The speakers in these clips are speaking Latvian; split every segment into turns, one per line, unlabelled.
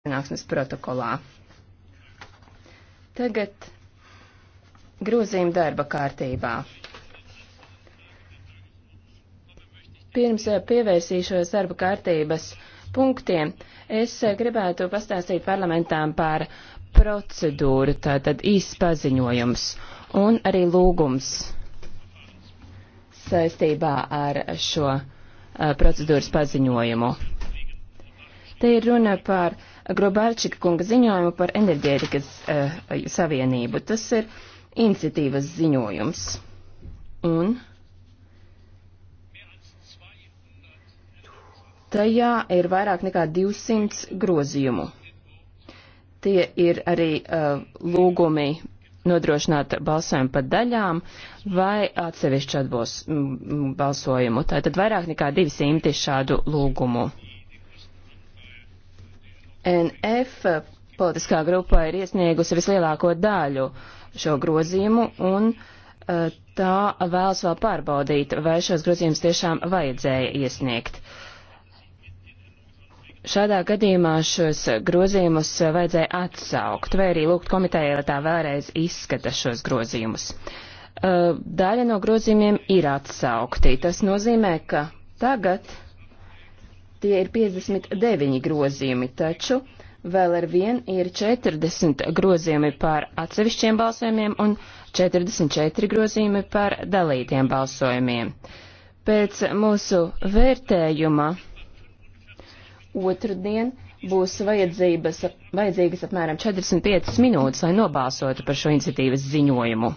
sanāksmes protokolā. Tagad grozījuma darba kārtībā. Pirms eh, pievērsīšos darba kārtības punktiem, es eh, gribētu pastāstīt parlamentām par procedūru, tātad īsts paziņojums un arī lūgums saistībā ar šo eh, procedūras paziņojumu. Te ir runa par uh, Grobārčika kunga ziņojumu par enerģētikas uh, savienību. Tas ir iniciatīvas ziņojums. Un tajā ir vairāk nekā 200 grozījumu. Tie ir arī uh, lūgumi nodrošināt balsojumu pa daļām vai atsevišķu atbos, m, balsojumu. Tātad vairāk nekā 200 šādu lūgumu. NF politiskā grupa ir iesniegusi vislielāko daļu šo grozījumu, un e, tā vēlas vēl pārbaudīt, vai šos grozījumus tiešām vajadzēja iesniegt. Šādā gadījumā šos grozījumus vajadzēja atsaukt, vai arī lūgt komitējai, lai tā vēlreiz izskata šos grozījumus. E, daļa no grozījumiem ir atsaukti. Tas nozīmē, ka tagad Tie ir 59 grozījumi, taču vēl ar vien ir 40 grozījumi par atsevišķiem balsojumiem un 44 grozījumi par dalītiem balsojumiem. Pēc mūsu vērtējuma otrdien būs vajadzības, vajadzīgas apmēram 45 minūtes, lai nobalsotu par šo iniciatīvas ziņojumu.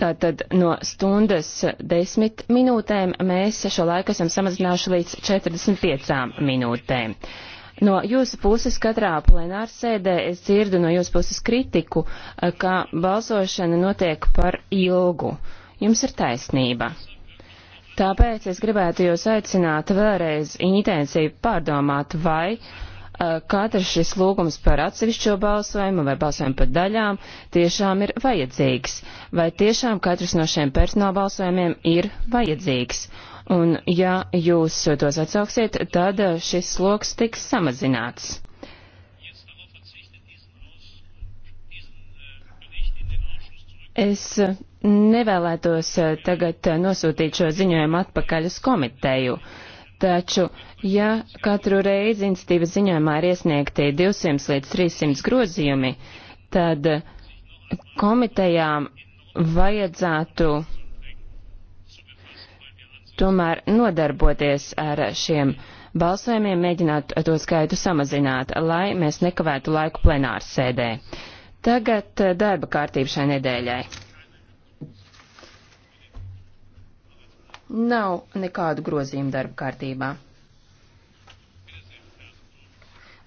Tātad no stundas desmit minūtēm mēs šo laiku esam samazinājuši līdz 45 minūtēm. No jūsu puses katrā plenāra sēdē es dzirdu no jūsu puses kritiku, eh, ka balsošana notiek par ilgu. Jums ir taisnība. Tāpēc es gribētu jūs aicināt vēlreiz intensīvi pārdomāt, vai uh, Eh, katrs šis lūgums par atsevišķo balsojumu vai balsojumu par daļām tiešām ir vajadzīgs, vai tiešām katrs no šiem personāla balsojumiem ir vajadzīgs. Un ja jūs tos atsauksiet, tad eh, šis sloks tiks samazināts. Es eh, nevēlētos tagad nosūtīt šo ziņojumu atpakaļ uz komiteju. Uh, Taču, ja katru reizi institīvas ziņojumā ir iesniegti 200 līdz 300 grozījumi, tad komitejām vajadzētu tomēr nodarboties ar šiem balsojumiem, mēģināt to skaitu samazināt, lai mēs nekavētu laiku plenārsēdē. Tagad eh, darba kārtība šai nedēļai. Nav nekādu grozījumu darba kārtībā.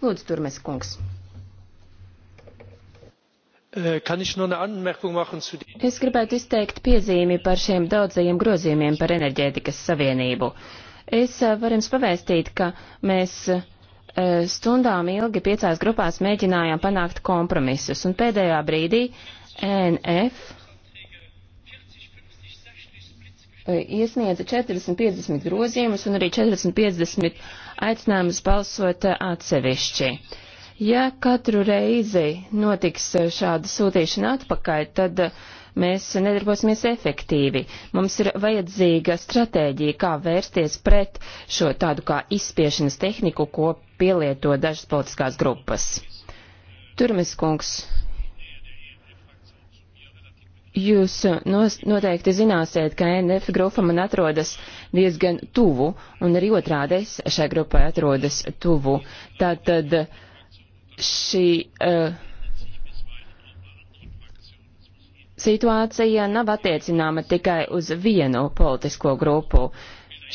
Lūdzu, Turmes kungs. Äh, es gribētu izteikt piezīmi par šiem daudzajiem grozījumiem par enerģētikas savienību. Es äh, varu jums pavēstīt, ka mēs äh, stundām ilgi piecās grupās mēģinājām panākt kompromisus, un pēdējā brīdī NF E, iesniedza 40-50 grozījumus un arī 40-50 aicinājumus balsot e, atsevišķi. Ja katru reizi notiks e, šāda sūtīšana atpakaļ, tad mēs nedarbosimies efektīvi. Mums ir vajadzīga stratēģija, kā vērsties pret šo tādu kā izspiešanas tehniku, ko pielieto dažas politiskās grupas. Turmes kungs, Jūs uh, nos, noteikti zināsiet, ka NF grupa man atrodas diezgan tuvu, un arī otrādi es šai grupai atrodas tuvu. Tātad šī uh, situācija nav attiecināma tikai uz vienu politisko grupu.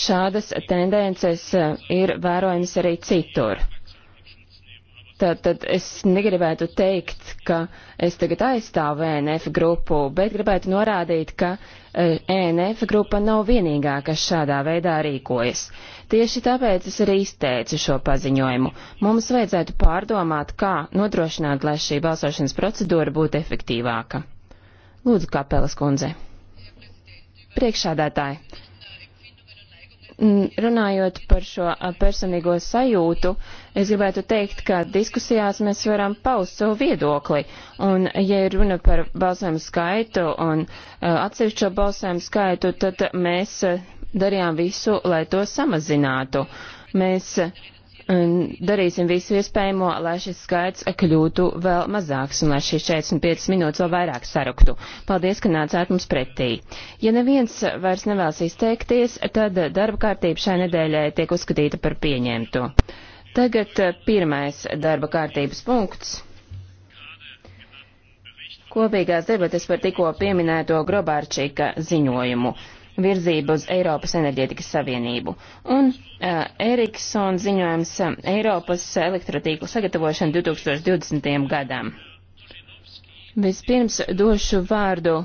Šādas tendences uh, ir vērojamas arī citur. Tātad es negribētu teikt, ka es tagad aizstāvu ENF grupu, bet gribētu norādīt, ka ENF eh, e grupa nav vienīgā, kas šādā veidā rīkojas. Tieši tāpēc es arī izteicu šo paziņojumu. Mums vajadzētu pārdomāt, kā nodrošināt, lai šī balsošanas procedūra būtu efektīvāka. Lūdzu, Kapelas kundze. Priekšādātāji. Runājot par šo personīgo sajūtu, es gribētu teikt, ka diskusijās mēs varam paust savu viedokli. Un, ja ir runa par balsēm skaitu un atsevišķo balsēm skaitu, tad mēs darījām visu, lai to samazinātu. Mēs uh, darīsim visu iespējamo, lai šis skaits kļūtu vēl mazāks un lai šīs 45 minūtes vēl vairāk saruktu. Paldies, ka nācāt mums pretī. Ja neviens vairs nevēlas izteikties, tad darba kārtība šai nedēļai tiek uzskatīta par pieņemtu. Tagad pirmais darba kārtības punkts. Kopīgās debates par tikko pieminēto Grobārčīka ziņojumu virzību uz Eiropas enerģētikas savienību. Un uh, Eriksona ziņojums um, Eiropas elektrotīklu sagatavošana 2020. gadam. Vispirms došu vārdu